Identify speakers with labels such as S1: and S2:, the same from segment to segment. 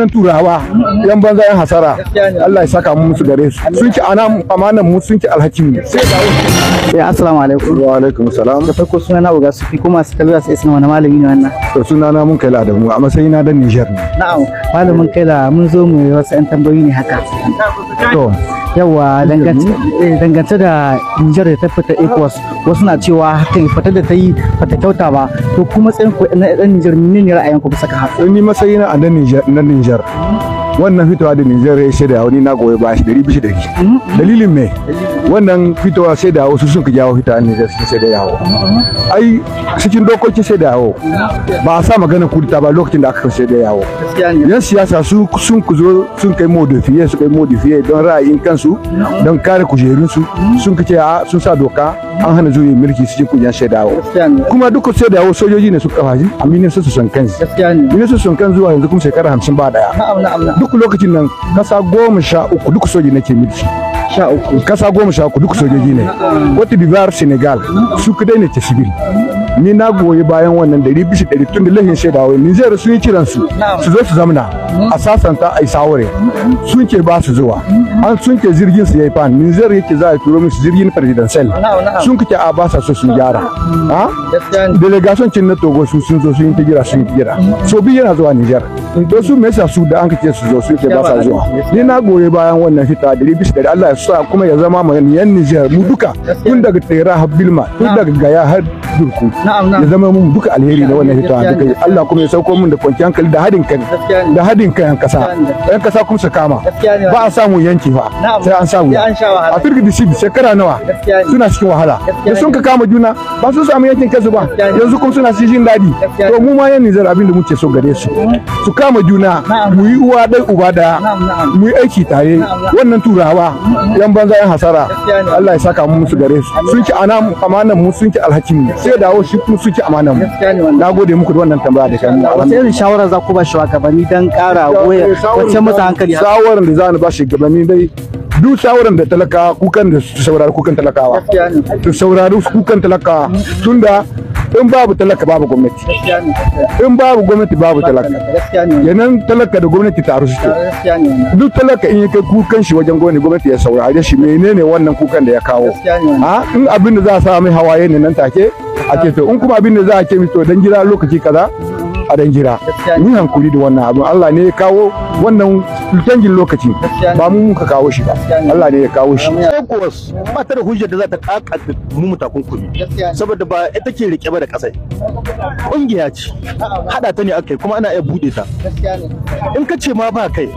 S1: wannan turawa yan banza yan hasara Allah ya saka mu musu gare su sun ci ana amanan mu sun ci alhakin mu sai
S2: assalamu alaikum wa alaikum salam da farko suna na su fi kuma su kalwa sai suna wani malami ne wannan to suna na mun kai da mu a matsayin na dan Niger ne na'am malamin kai la mun zo mu yi wasu yan tambayoyi ne haka to yawa eh, dangance da Nijar da ta fita ECOWAS wasu na cewa hakan fata da ta yi fata kyauta ba to kuma matsayin ku ɗan Nijar ne ne ra'ayin ku bisa ka haka eh, ni matsayi na a na
S1: Nijar wannan fitowa da Nijar ya shaida wani na goyi ba shi dari bishi dari dalilin me wannan fitowa sai da wasu sun ka jawo a Nijar sun sai da yawo ai cikin dokokin sai da yawo ba a sa magana kudita ba lokacin da aka kan sai da yawo yan siyasa su sun ku zo sun kai modifiye su kai modifiye don ra'ayin kansu don kare kujerunsu mm. sun kace sun sa doka an hana juyin mulki su je ku shaidawa kuma duka sai dawo sojoji ne su kafa shi a minista su son kansu minista su son kan zuwa yanzu kuma shekara hamsin ba daya duk lokacin nan kasa goma sha uku duk soji nake mulki kasa goma sha uku duk sojoji ne wata bivar senegal su kadai ne ta sibiri ni na goyi bayan wannan dari bisa dari tun da lahin shaida wai min sun yi kiran su su zo su zamna a sasanta a isawure sun ke ba su zuwa an sun ke jirgin su yayi fan min yake za a turo musu jirgin presidential sun kace a ba sa so sun gyara ah? delegation cin na togo su sun zo sun yi ta gira sun gira so bi yana zuwa nijar. to su me su da an kace su zo su ke ba sa zuwa ni na goye bayan wannan fita da ribi da Allah ya sa kuma ya zama mu yan Niger mu duka tun daga Tera har Bilma tun daga Gaya har durku ya zama mun duka alheri da wannan hitowa da kai Allah kuma ya sauko mun da kwanciyar hankali da hadin kai da hadin kai yan kasa yan kasa kuma su kama ba a samu yanki fa sai an samu a firgi da shidi shekara nawa suna cikin wahala da sun ka kama juna ba sun samu yankin kansu ba yanzu kuma suna cikin jin daɗi to mu ma yan nizar abin da muke so gare su su kama juna mu yi uwa dai uba daya mu yi aiki tare wannan turawa yan banza yan hasara Allah ya saka mu su gare su sun ki ana amanan mu sun ki alhakin mu sai dawo shi kuma
S2: suke amanan mu na gode muku da wannan tambaya da kan a wannan irin shawara za ku ba shugabanni dan ƙara goya eh, wace mutan hankali shawaran
S1: da za ni ba shugabanni dai duk shawaran da talaka kukan da su saurari kukan talakawa su saurari kukan talakawa tunda in babu talaka babu gwamnati in babu gwamnati babu talaka yanan talaka da gwamnati taro suke duk talaka in ya kai kukan shi wajen gwamnati gwamnati ya saurare shi menene wannan kukan da ya kawo ah, in abin da za a sa mai hawaye ne nan take a ce to in kuma abin da za a ce mi to dan gida lokaci kaza a dan jira. ni hankuri da wannan abin Allah ne ya kawo wannan canjin lokaci ba mu muka kawo shi ba Allah ne ya kawo shi
S3: Lagos ba ta da hujjar da za ta kaka mu mutakun kuri saboda ba ita ke rike ba da kasai kungiya ce hada ta ne akai kuma ana iya bude ta in ka ce ma ba kai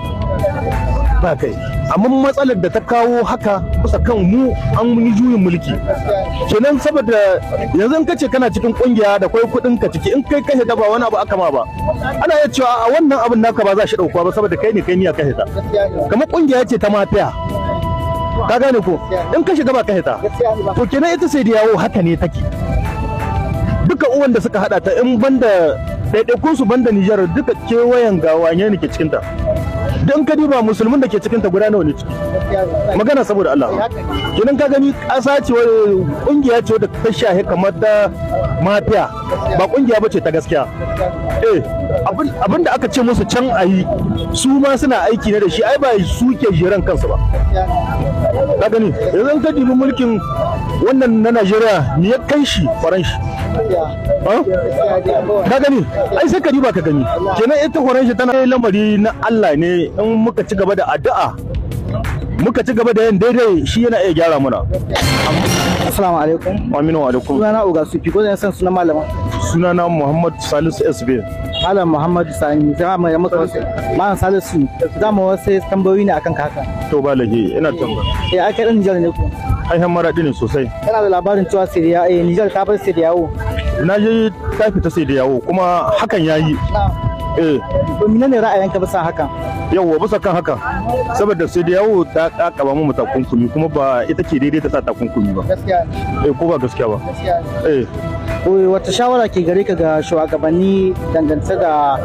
S3: ba kai amma matsalar da ta kawo haka kusa kan mu an yi juyin mulki kenan saboda yanzu ka ce kana cikin kungiya da kwai kudin ka ciki in kai ka shiga ba wani abu aka ma ba ana iya cewa a wannan abin naka ba za shi dauka ba saboda kai ne kai niyya ka shiga kamar kungiya ce ta mafiya ka gane ko in ka shiga ba ka hita to kenan ita sai da yawo haka ne take duka uwan da suka hada ta in banda ɗaiɗaikun su banda Nijar duka kewayen gawa ne ke cikin ta don ka ba musulmin da ke cikin ta guda nawa ne ciki
S2: magana saboda Allah
S3: kenan ka gani ƙasa ce ƙungiya ce wadda ta shahe kamar ta mafiya ba kungiya ba ce ta gaskiya eh abin da aka ce musu can a yi su ma suna aiki ne da shi ai ba su ke jiran kansu ba ka gani yanzu ka dibi mulkin wannan na najeriya ne ya kai shi faran shi ka gani ai sai ka diba ka gani kenan ita faran shi tana lamari na allah ne in muka ci gaba da addu'a muka ci gaba da yin daidai shi yana iya gyara muna assalamu alaikum aminu wa alaikum sunana uga sufi ko zan san suna malama sunana muhammad salisu sb malam muhammad sani za mu yi maka wasu
S2: malam salisu za mu wasu tambayoyi ne akan kaka
S3: to ba lahi ina tambaya eh akai dan nijar ne ko haihan maradi ne sosai
S2: kana da labarin cewa siriya eh nijar ta bar siriyawo
S3: na je ta fita siriyawo kuma hakan yayi yi. eh to menene ra'ayinka bisa haka yawwa bisa kan haka saboda sai da yawo ta kakaba mu kunkumi kuma ba ita ce daidai ta sa ta kunkumi ba gaskiya eh ko ba gaskiya ba Gaskiya.
S2: eh wata shawara ke gare ka ga shugabanni dangance da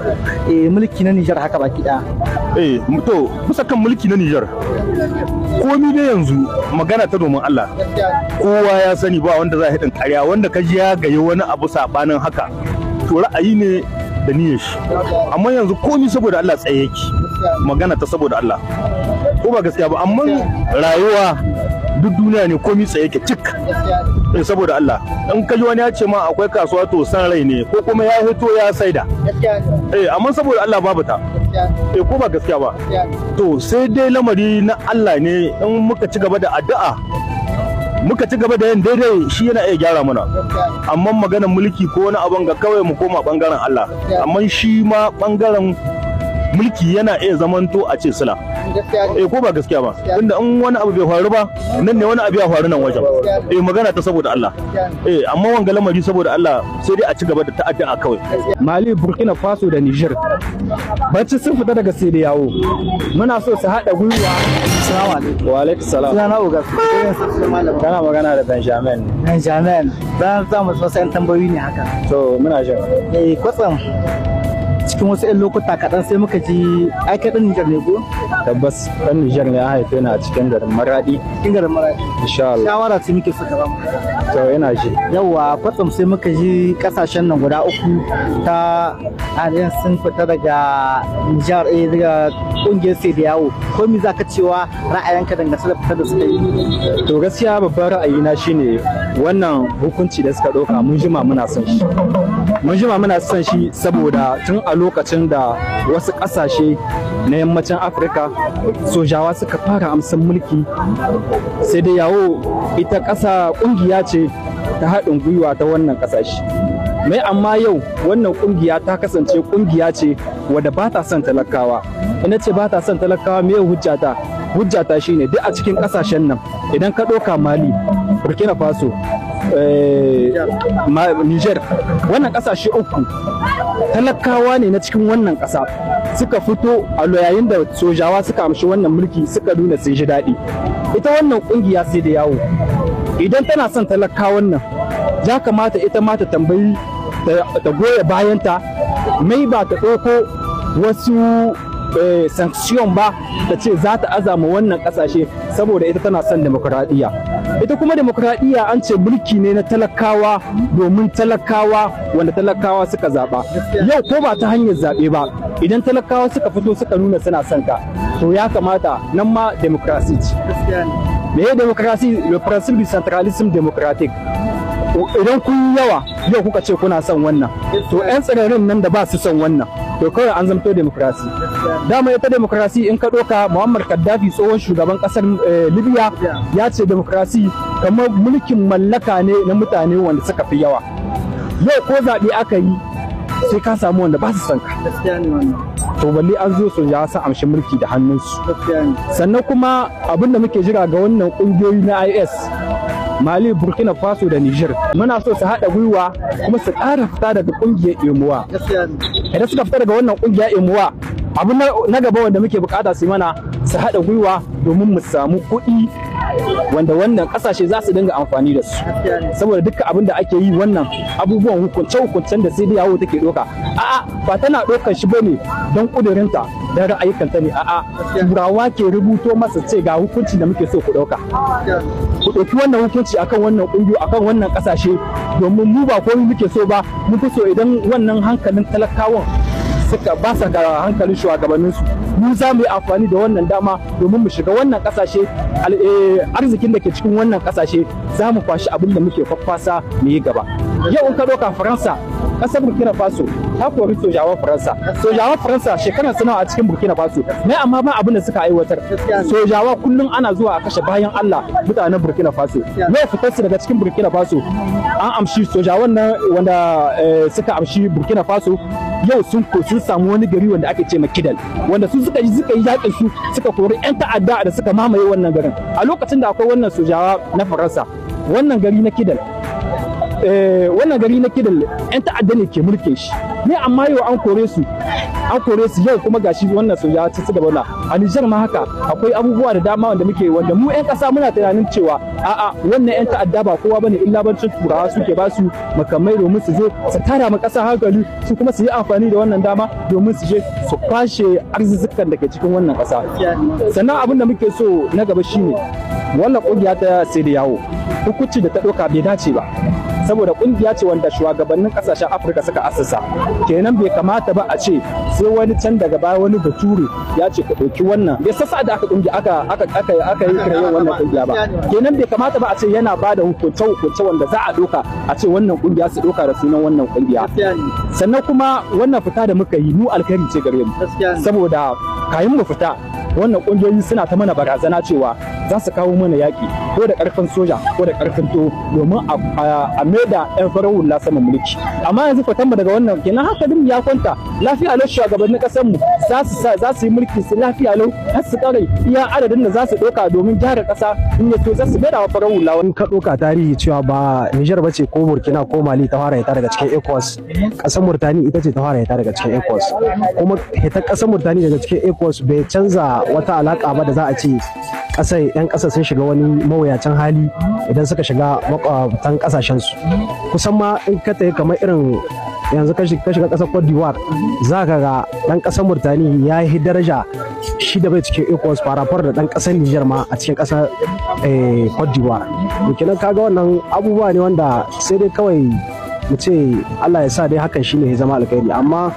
S2: eh, mulki na Nijar haka baki da
S3: eh to bisa kan mulki na Nijar
S2: komi ne yanzu
S3: magana ta domin Allah kowa ya sani ba wanda za a hidin karya wanda ka ji ya gayi wani abu saɓanin haka to ra'ayi ne da niyyar shi amma yanzu komi saboda Allah tsaye yake magana ta saboda Allah ko ba gaskiya ba amma rayuwa duk duniya ne komi tsaye yake cik eh, saboda Allah in kaji wani ya ce ma akwai kasuwa to san rai ne ko kuma ya hito ya saida eh amma saboda Allah babu ta eh ko ba gaskiya ba to sai dai lamari na Allah ne in muka ci gaba da addu'a muka ci gaba da yin daidai shi yana iya gyara mana amma maganar mulki ko wani abin ga kawai mu koma bangaren Allah amma shi ma bangaren mulki yana iya zamanto a ce sila eh ko ba gaskiya ba inda in wani abu bai faru ba nan ne wani abu ya faru nan wajen eh magana ta saboda Allah eh amma wanga lamari saboda Allah sai dai a ci gaba da a kawai Mali Burkina Faso da Niger bacci sun fita
S4: daga
S2: sai da yawo muna so su haɗa gwiwa assalamu
S4: alaikum wa alaikum salam sunana
S2: ugas kana magana da Benjamin Benjamin dan za mu so sai tambayoyi ne haka to muna jira eh kwatsam cikin wasu 'yan lokuta kaɗan sai muka ji
S4: ai ɗan Nijar ne ko? Tabbas ɗan Nijar ne an haife ni a cikin garin Maraɗi. Cikin garin Maraɗi.
S2: Insha Allah. Shawara ce muke so gaba To yana ji. Yawwa kwatsam sai muka ji ƙasashen nan guda uku ta Aliyan sun fita daga Nijar eh daga ƙungiyar sai da yawo. Ko mi za ka cewa ra'ayinka dangane da fitar da suka yi?
S4: To gaskiya babban ra'ayina shine wannan hukunci da suka ɗauka mun jima muna son shi. mun jima muna son shi saboda tun a lokacin da wasu ƙasashe na yammacin afirka sojawa suka fara amsan mulki sai da yawo ita ƙasa ƙungiya ce ta haɗin gwiwa ta wannan ƙasashe mai amma yau wannan ƙungiya ta kasance ƙungiya ce wadda ba ta son talakawa ina ce ba ta son talakawa me hujjata hujjata shine duk a cikin ƙasashen nan idan ka ɗauka mali burkina faso Eh, Niger wannan kasashe uku talakawa ne na cikin wannan kasa suka fito a yayin da sojawa suka amshi wannan mulki suka nuna sun ji daɗi ita wannan kungiya sai da yawo idan tana son talakawan nan ya kamata ita ma ta tambayi ta goya bayanta mai ba ta ɗauko wasu Eh, sanction ba ta ce za ta azama wannan kasashe saboda ita tana son demokuraɗiyya ita kuma demokuraɗiyya an ce mulki ne na talakawa domin talakawa wanda talakawa suka zaɓa yau ko ba ta hanyar zaɓe ba idan talakawa suka fito suka nuna suna son ka to ya kamata nan ma demokrasi ce me ya demokrasi le principe du centralisme démocratique idan kun yawa yau kuka ce kuna son wannan to 'yan tsirarin nan da ba su son wannan to kawai an zamto demokrasi dama ita demokrasi in ka doka muhammad kaddafi tsohon shugaban ƙasar eh, libya ya ce demokrasi kamar mulkin mallaka ne na mutane wanda suka fi yawa yau ko zaɓe aka yi sai ka samu wanda ba su san ka to balle an zo su ya sa amshi mulki da hannunsu sannan kuma abin da muke jira ga wannan kungiyoyi na IS Mali, Burkina Faso da Niger. Muna so su haɗa gwiwa kuma su ƙara fita daga kungiyar Emuwa. Idan suka fita daga wannan kungiyar Emuwa, abu na gaba wanda muke bukata su mana su haɗa gwiwa domin mu samu kuɗi wanda wannan kasashe za su dinga amfani da su saboda dukkan abin da ake yi wannan abubuwan hukunce hukuncen da sai da yawo take doka a'a ba tana dokan shi bane don kudurinta da ra'ayikanta ne a'a turawa ke rubuto masa ce ga hukunci da muke so ku dauka ku dauki wannan hukunci akan wannan kungiyo akan wannan kasashe domin mu ba komai muke so ba mu fi so idan wannan hankalin talakawan suka ba sa ga hankalin shugabannin su mu za mu yi amfani da wannan dama domin mu shiga wannan kasashe eh, arzikin da ke cikin wannan kasashe za mu kwashi abin da muke kwakwasa mu yi gaba yau in ka doka faransa kasar burkina faso ta kori sojawar faransa sojawar faransa shekarar suna a cikin burkina faso ne amma ba abin da suka aiwatar sojawa kullum ana zuwa a kashe bayan allah mutanen burkina faso mai fitar su daga cikin burkina faso an amshi sojawan nan wanda eh, suka amshi burkina faso yau sun ko sun samu wani gari wanda ake ce ma kidal wanda su suka yi suka yi yakin su suka kori yan ta'adda da suka mamaye wannan garin a lokacin da akwai wannan sojawa na faransa wannan gari na kidal eh, wannan gari na kidal yan ta'adda ne ke mulkin shi ne amma yau an kore su an kore su yau kuma gashi wannan su ya ci gaba na a Nijar ma haka akwai abubuwa da dama wanda muke wanda mu ƴan ƙasa muna tunanin cewa a'a wannan ƴan ta'adda ba kowa bane illa bancin turawa suke ba su makamai domin su zo su tara ma ƙasa hankali su kuma su yi amfani da wannan dama domin su je su kwashe arzikin da ke cikin wannan ƙasa sannan abin da muke so na gaba shine wannan kungiya ta sai da yawo hukunci da ta ɗauka bai dace ba saboda kungiya ce wanda shugabannin kasashen afirka suka asasa kenan bai kamata ba a ce sai wani can daga baya wani bature ya ce ka ɗauki wannan bai sassa da aka kungi aka aka aka aka yi kare wannan kungiya ba kenan bai kamata ba a ce yana ba da hukunce hukunce wanda za a doka a ce wannan kungiya su doka da sunan wannan kungiya sannan kuma wannan fita da muka yi mu alkhairi ce gare mu saboda kayan mu fita wannan kungiyoyi suna ta mana barazana cewa za su kawo mana yaƙi ko da ƙarfin soja ko da ƙarfin to domin a maida 'yan farar hula saman mulki amma yanzu fatanmu daga wannan kenan haka din ya kwanta lafiya lau shugabannin ƙasar mu za su yi mulki su lafiya lau har su kare iya adadin da za su ɗauka domin gyara ƙasa
S5: in ya so za su maida wa farar hula wani. ka ɗauka tarihi cewa ba Nijar ba ce ko Burkina ko Mali ta fara hita daga cikin ECOWAS ƙasar Murtani ita ce ta fara hita daga cikin ECOWAS kuma hita ƙasar Murtani daga cikin ECOWAS bai canza wata alaka ba da za a ce ƙasar 'yan ƙasa sun shiga wani mawuyacin hali idan suka shiga makwabtan ƙasashen su kusan ma in ka tafi kamar irin yanzu ka shiga ƙasar Cote d'Ivoire za ka ga dan ƙasar Murtani ya yi daraja shi da bai cikin fara farafar da dan ƙasar Nijar ma a cikin ƙasar eh, Cote d'Ivoire. Kenan ga wannan abubuwa ne wanda sai dai kawai mu ce Allah ya sa dai hakan shine ya zama alkhairi amma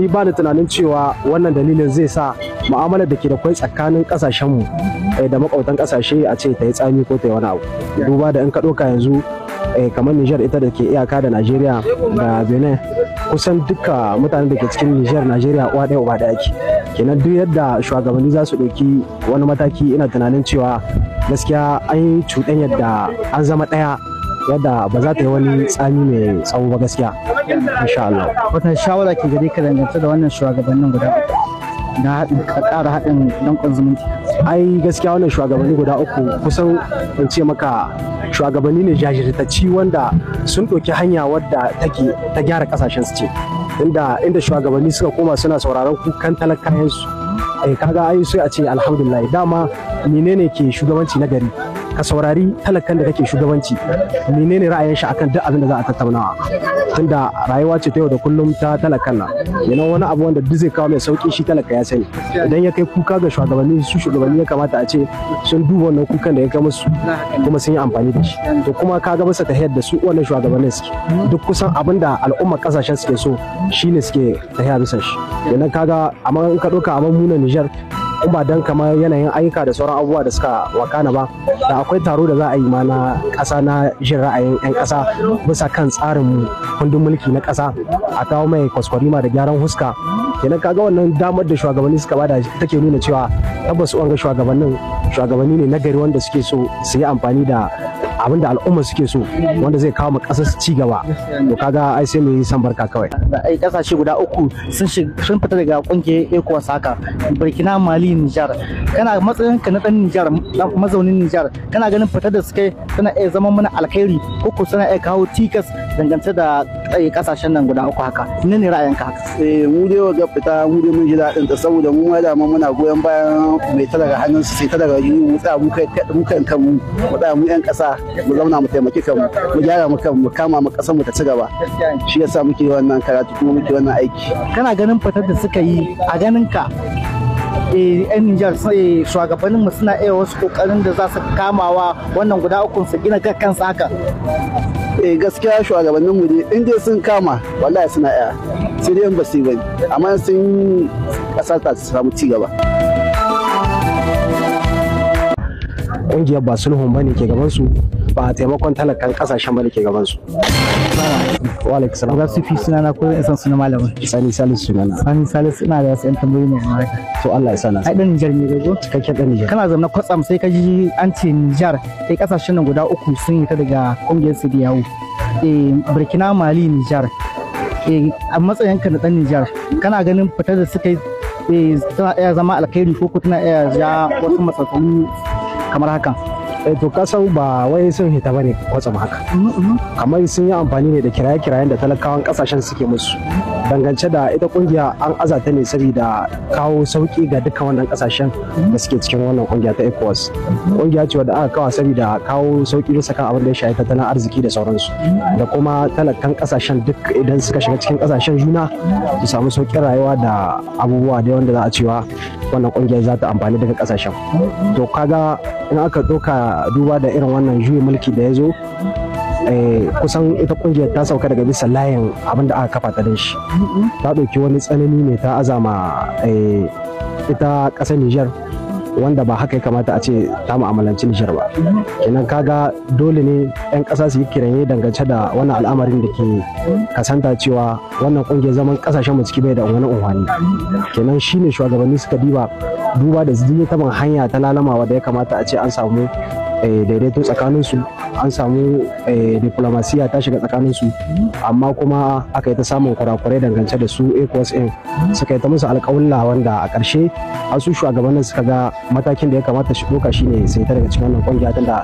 S5: ni ba ni tunanin cewa wannan dalilin zai sa mu'amalar da ke da kwai tsakanin kasashen mu. Eh, da makwabtan kasashe a ce ta yi tsami ko ta yi wani abu duba da in ka ɗauka yanzu eh, kamar Nijar ita da ke iyaka da Najeriya da Benin kusan duka mutane da ke cikin Nijar Najeriya uwa ɗaya uba ɗaya ke kenan duk yadda shugabanni za su ɗauki wani mataki ina tunanin cewa gaskiya an yi cuɗan yadda an zama ɗaya yadda ba za ta yi wani tsami mai tsawo ba gaskiya insha Allah wata shawara ke gare ka da wannan shugabannin guda da haɗin ƙara haɗin danƙon zumunci ai gaskiya wannan shugabanni guda uku kusan in ce maka shugabanni ne jajirtacci wanda sun ɗauki hanya wadda take ta gyara kasashen su ce inda inda shugabanni suka koma suna sauraron kukan talakayensu eh kaga ai sai a ce alhamdulillah dama menene ke shugabanci na gari ka saurari talakan da kake shugabanci menene ra'ayin shi akan duk abin da za a tattaunawa tunda rayuwa ce ta yau da kullum ta talakan na yana wani abu wanda duk zai kawo mai sauki shi talaka ya sani idan ya kai kuka ga shugabanni su shugabanni ya kamata a ce sun duba wannan kukan da ya kai musu kuma sun yi amfani da shi to kuma ka ga ta tahiyar da su wannan shugabannin suke duk kusan abin da al'umma kasashen suke so shine suke tahiya bisa shi yana kaga amma in ka doka amma muna Nijar in ba dan kamar yanayin ayyuka da sauran abubuwa da suka wakana ba da akwai taro da za a yi ma na ƙasa na jin ra'ayin 'yan ƙasa bisa kan tsarin kundin mulki na kasa a kawo mai kwaskwarima da gyaran huska kenan kaga wannan damar da shugabanni suka bada take nuna cewa tabbas wanga shugabannin shugabanni ne na gari wanda suke so su yi amfani da abin da al'umma suke so wanda zai kawo mu ƙasar su ci gaba to kaga ai sai mu yi san barka kawai
S2: ai kasashe guda uku sun sun fita daga kungiyar ECOWAS haka Burkina Mali Niger kana matsayin ka na dan Niger mazaunin Niger kana ganin fitar da suke tana iya zama mana alkhairi ko ko suna iya kawo tikas dangance da tsaye eh, kasashen nan guda uku haka ne ne ra'ayinka haka
S6: eh mu dai ga fita mu dai mun ji dadin ta saboda mu ma da muna goyon bayan mai ta daga hannun su sai ta daga yi mu tsaya mu kai mu kan kanmu mu tsaya mu yan ƙasa mu zauna mu taimaki kanmu mu gyara mu kanmu mu kama mu ƙasar mu ta ci gaba shi yasa muke wannan karatu kuma muke wannan aiki
S2: kana ganin fitar da suka yi a ganin ka 'yan eh, Nijar eh, shugabanninmu suna iya wasu kokarin da za su kamawa wannan guda ukun su gina kansa haka.
S6: eh gaskiya shugabannin mu ne in sun kama wallahi suna iya sai dai ba su yi amma sun kasar ta samu ci gaba
S5: kungiyar ba sulhun bane ke gaban su ba taimakon talakan kasashen bane ke gaban su wa alaikum salam za
S2: su fi suna na ko san suna malamin sani salisu suna na sani salisu ina da wasu yan tambayoyi ne amma haka to Allah ya sana ai dan Nijar ne gajo cikakken dan Nijar kana zama kwatsam sai ka ji an ce Nijar sai kasashen nan guda uku sun yi ta daga kungiyar su yawo eh Burkina Mali Nijar eh a matsayin ka na dan Nijar kana ganin fitar da suka yi tana iya
S5: zama alkhairi ko tana iya ja wasu matsaloli kamar haka eh to kasan ba wai sun hita bane kwatsam haka kamar sun yi amfani ne da kiraye-kirayen da talakawan kasashen suke musu dangance da ita kungiya an azata ne saboda kawo sauki ga dukkan wannan kasashen da suke cikin wannan kungiya ta ECOWAS kungiya ce wadda aka kawo saboda kawo sauki bisa kan abin da ya shafi tattalin arziki da sauransu da kuma talakan kasashen duk idan suka shiga cikin kasashen juna su samu sauki rayuwa da abubuwa da wanda za a cewa wannan kungiyar za ta amfani daga kasashen to kaga in aka ɗauka duba da irin wannan juyin mulki da ya zo Eh, kusan ita kungiyar ta sauka daga bisa layin abin da aka kafa ta da shi ta ɗauki wani tsanani ne ta azama eh, ita ƙasar Nijar wanda ba haka ya kamata a ce ta mu'amalanci Nijar ba. Kenan kaga dole ne 'yan ƙasa su yi kiranye dangance da wannan al'amarin da ke kasanta cewa wannan ƙungiyar zaman ƙasashen mu ciki bai da wani unhani Kenan shine shugabanni suka diba duba da zai ta hanya ta lalamawa da ya kamata a ce an samu eh, daidaito tsakanin su an samu eh, diplomasiya ta shiga tsakanin su amma kuma aka yi ta samun kurakurai dangance da su ecos in suka yi ta musu alƙawulla wanda a ƙarshe an su nan suka ga matakin da ya kamata shi ɗauka shine sai ta daga cikin wannan ƙungiya tunda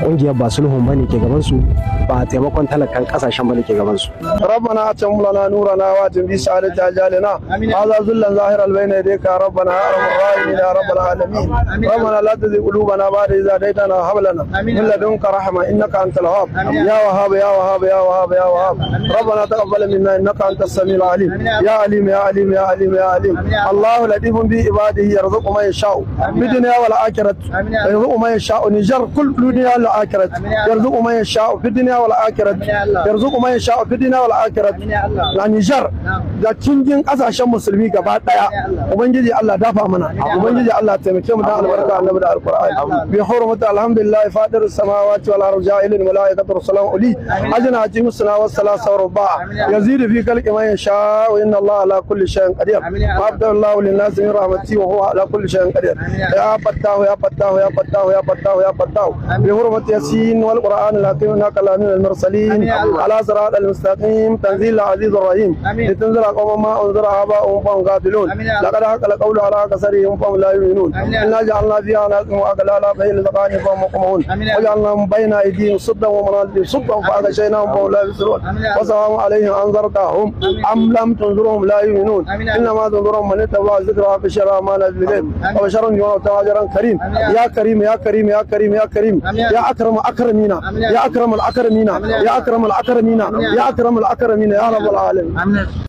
S5: ƙungiyar ba sulhun bane ke gaban su ba taimakon talakan kasashen bane ke gaban su. ربنا
S6: أتم لنا نورنا واتم في سعادة أجالنا هذا
S5: ذلا ظاهرا بين rabbana ربنا
S6: أرحم الراحمين يا alamin rabbana la tuzigh qulubana ba'da idh hadaytana wa hab lana min ladunka رحمة warhama innaka anta lwahab ya wahab ya wahab ya wahab ya wahab rabbana taqabbal minna innaka anta samiul alim ya alim ya alim ya alim ya alim allahu latifun bi ibadihi yarzuqu man yashau bidunya wal akhirati yarzuqu man yashau nijar kul dunya wal akhirati yarzuqu man yashau bidunya wal akhirati yarzuqu man yashau bidunya wal akhirati la da cingin kasashen musulmi gaba daya ubangiji allah dafa mana ubangiji allah taimake mu da albarka annabi da alqur'ani bi hurmati alhamdulillah fadir samawati wal على رجائل الملائكة والسلام ولي أجن عجيم سنا والثلاثة ورباع يزيد في كل ما يشاء وإن الله على كل شيء قدير عبد الله للناس من رحمته وهو على كل شيء قدير يا فتاه يا فتاه يا فتاه يا فتاه يا فتاه بحرمة ياسين والقرآن الحكيم هناك لمن المرسلين على صراط المستقيم تنزيل العزيز الرحيم لتنزل قوم ما أنزل آباؤهم فهم غافلون لقد حق القول على كسرهم فهم لا يؤمنون إنا جعلنا فيها أعناقهم أغلالا فهي لذقان فهم مقمحون وجعلنا بين بين ايديهم صدا ومنازل صدا فاغشيناهم فهم لا يبصرون وسلام عليهم انذرتهم ام لم تنذرهم لا يؤمنون انما تنذرهم من اتبع الذكر وبشر ما نزل اليهم وبشرا جوانا اجرا كريم يا كريم يا كريم يا كريم يا كريم يا اكرم اكرمينا يا اكرم الاكرمين يا اكرم الاكرمين يا اكرم الاكرمين يا رب العالمين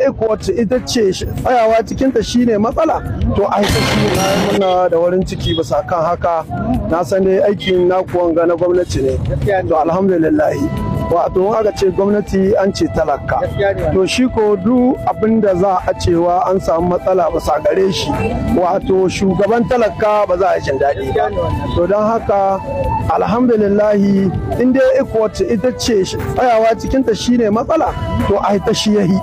S6: ekwat ita ce tsayawa cikinta shine matsala to a haka shi na muna da warin ciki bisa kan haka na san dai aikin na kuwan ga na gwamnati ne يعني الحمد لله wato aka ce gwamnati an ce talaka to shi ko duk abin za a cewa an samu matsala ba sa gare shi wato shugaban talaka ba za a jin daɗi ba to don haka alhamdulillahi in dai ita ce tsayawa cikin ta shine matsala to a ta shi yahi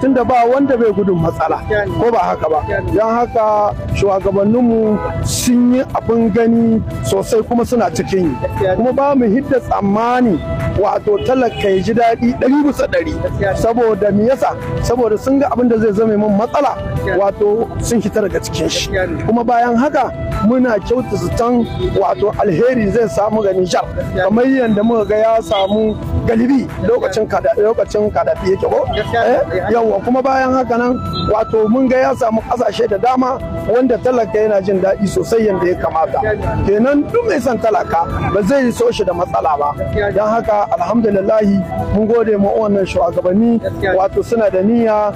S6: tunda ba wanda bai gudun matsala ko ba haka ba don haka shugabanninmu sun yi abin gani sosai kuma suna cikin yi kuma ba mu hidda tsammani wato talaka ya ji daɗi ɗari bisa ɗari saboda me yasa saboda sun ga abin da zai zama min matsala wato sun hita daga cikin shi kuma bayan haka muna kyauta su can wato alheri zai samu ga Nijar kamar yadda muka ga ya samu galibi lokacin lokacin kadafi ke ko eh, yawa kuma bayan haka nan wato mun ga ya samu kasashe da dama wanda talaka yana jin daɗi sosai yadda ya kamata kenan duk mai son talaka ba zai so shi da matsala ba don haka haka alhamdulillahi mun gode ma wannan shugabanni wato suna da niyya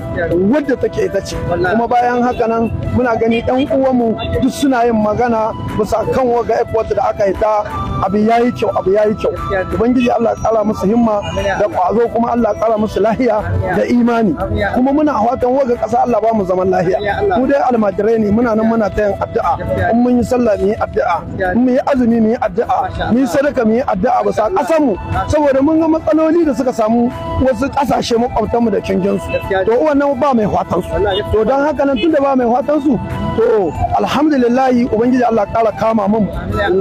S6: wadda take ita ce kuma bayan haka nan muna gani ɗan uwanmu duk suna yin magana bisa kan waga da aka yi ta abu yi kyau abu ya yi kyau ubangiji Allah ya kara musu himma da kwazo kuma Allah ya kara musu lahiya da imani kuma muna fatan waga kasa Allah ba mu zaman lahiya mu dai almajirai ne muna nan muna tayin addu'a in mun yi sallah mu yi addu'a in mu yi azumi mu yi addu'a mu yi sadaka mu yi addu'a ba sa kasan mu saboda mun ga matsaloli da suka samu wasu kasashe makwabtan mu da canjin su to wannan ba mai fatan su to dan haka nan tunda ba mai fatan su to alhamdulillah ubangiji Allah kara kama mu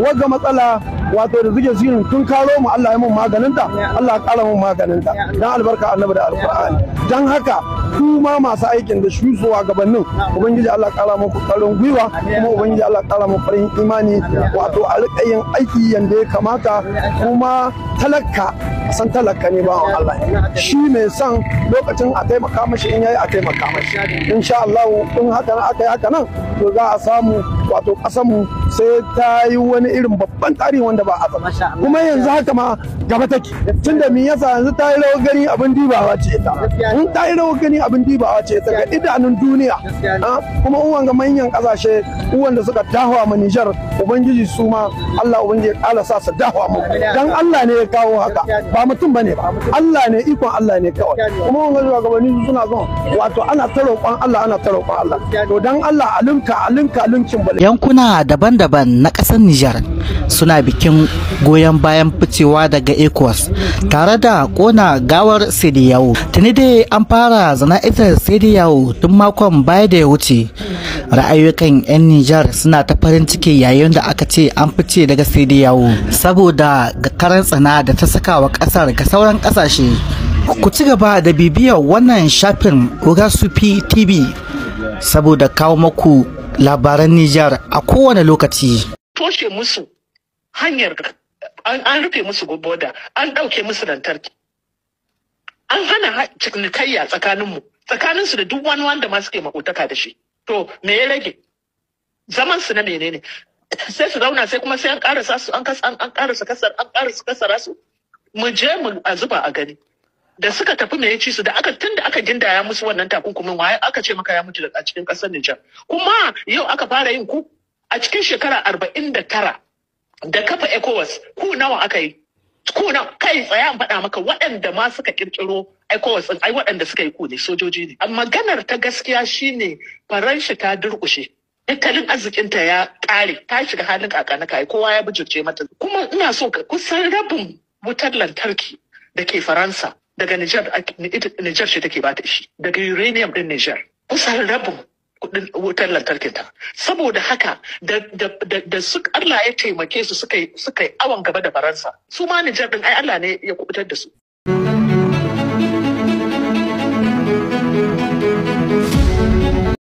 S6: waga matsala wato da zuke sirin tun karo mu Allah ya mun maganinta Allah ya kara mun maganin maganinta dan albarka annabi da alqur'ani dan haka ku masu aikin da shi zuwa gabanin ubangiji Allah kara muku karin gwiwa kuma ubangiji Allah kara muku farin imani wato a yin aiki yanda ya kamata kuma talaka san talaka ne ba wa Allah shi mai san lokacin a taimaka mashi in yayi a taimaka mashi insha Allah in haka akai aka yi haka nan to za a samu wato kasan mu sai ta yi wani irin babban tsari wanda ba a zama kuma yanzu haka ma gaba take tunda me yasa yanzu ta yi rawar gani abin dibawa ce ta in ta yi rawar gani abin dibawa ce daga idanun duniya ah, kuma uwan ga manyan kasashe uwan da suka dahowa ma Nijar ubangiji su ma Allah ubangiji ya kala sa su dahowa mu dan Allah ne ya kawo haka ba mutum bane ba Allah ne ikon Allah ne kawai kuma ga shugabanni suna zo wato ana ta roƙon Allah ana ta roƙon Allah to dan Allah alinka alinka alinkin bale
S2: yankuna daban-daban na ƙasar Nijar suna bikin goyon bayan ficewa daga ECOWAS tare da kona gawar Sidiyau tuni dai an fara jana'izar sai yawo tun makon baya da ya wuce ra'ayoyin 'yan nijar suna ta farin ciki yayin da aka ce an fice daga sai yawo saboda karan tsana da ta saka wa kasar ga sauran kasashe ku ci gaba da bibiyar wannan shafin Ogasufi tv saboda kawo maku labaran nijar a kowane lokaci
S7: toshe musu hanyar an rufe musu boda an ɗauke musu lantarki an hana cinikayya tsakaninmu tsakaninsu da duk wani wanda ma suke makotaka da shi to me ya rage zaman su na menene sai su zauna sai kuma sai an karasa su an karasa kasar an karasa kasara su mu je mu a zuba a gani da suka tafi me ya ci su da aka tunda aka gindaya musu wannan takunkumin waye aka ce maka ya mutu a cikin kasar Nijar kuma yau aka fara yin ku a cikin shekara arba'in da tara da kafa ECOWAS ku nawa aka yi kuna kai tsaya in faɗa maka waɗanda ma suka kirkiro ECOWAS ai waɗanda suka yi ku sojoji ne. Amma maganar ta gaskiya shine Faransa ta durƙushe. Tattalin arzikinta ya ƙare ta shiga halin kakanaka kowa ya bujurce mata. Kuma ina so ka kusan rabin wutar lantarki da ke Faransa daga Nijar Nijar ce take bata shi daga uranium ɗin Nijar. Kusan rabin Kuɗin wutar lantarkin ta saboda haka da su Allah ya taimake su suka yi awon gaba da faransa su ma Nijar din ai Allah ne ya kubutar da su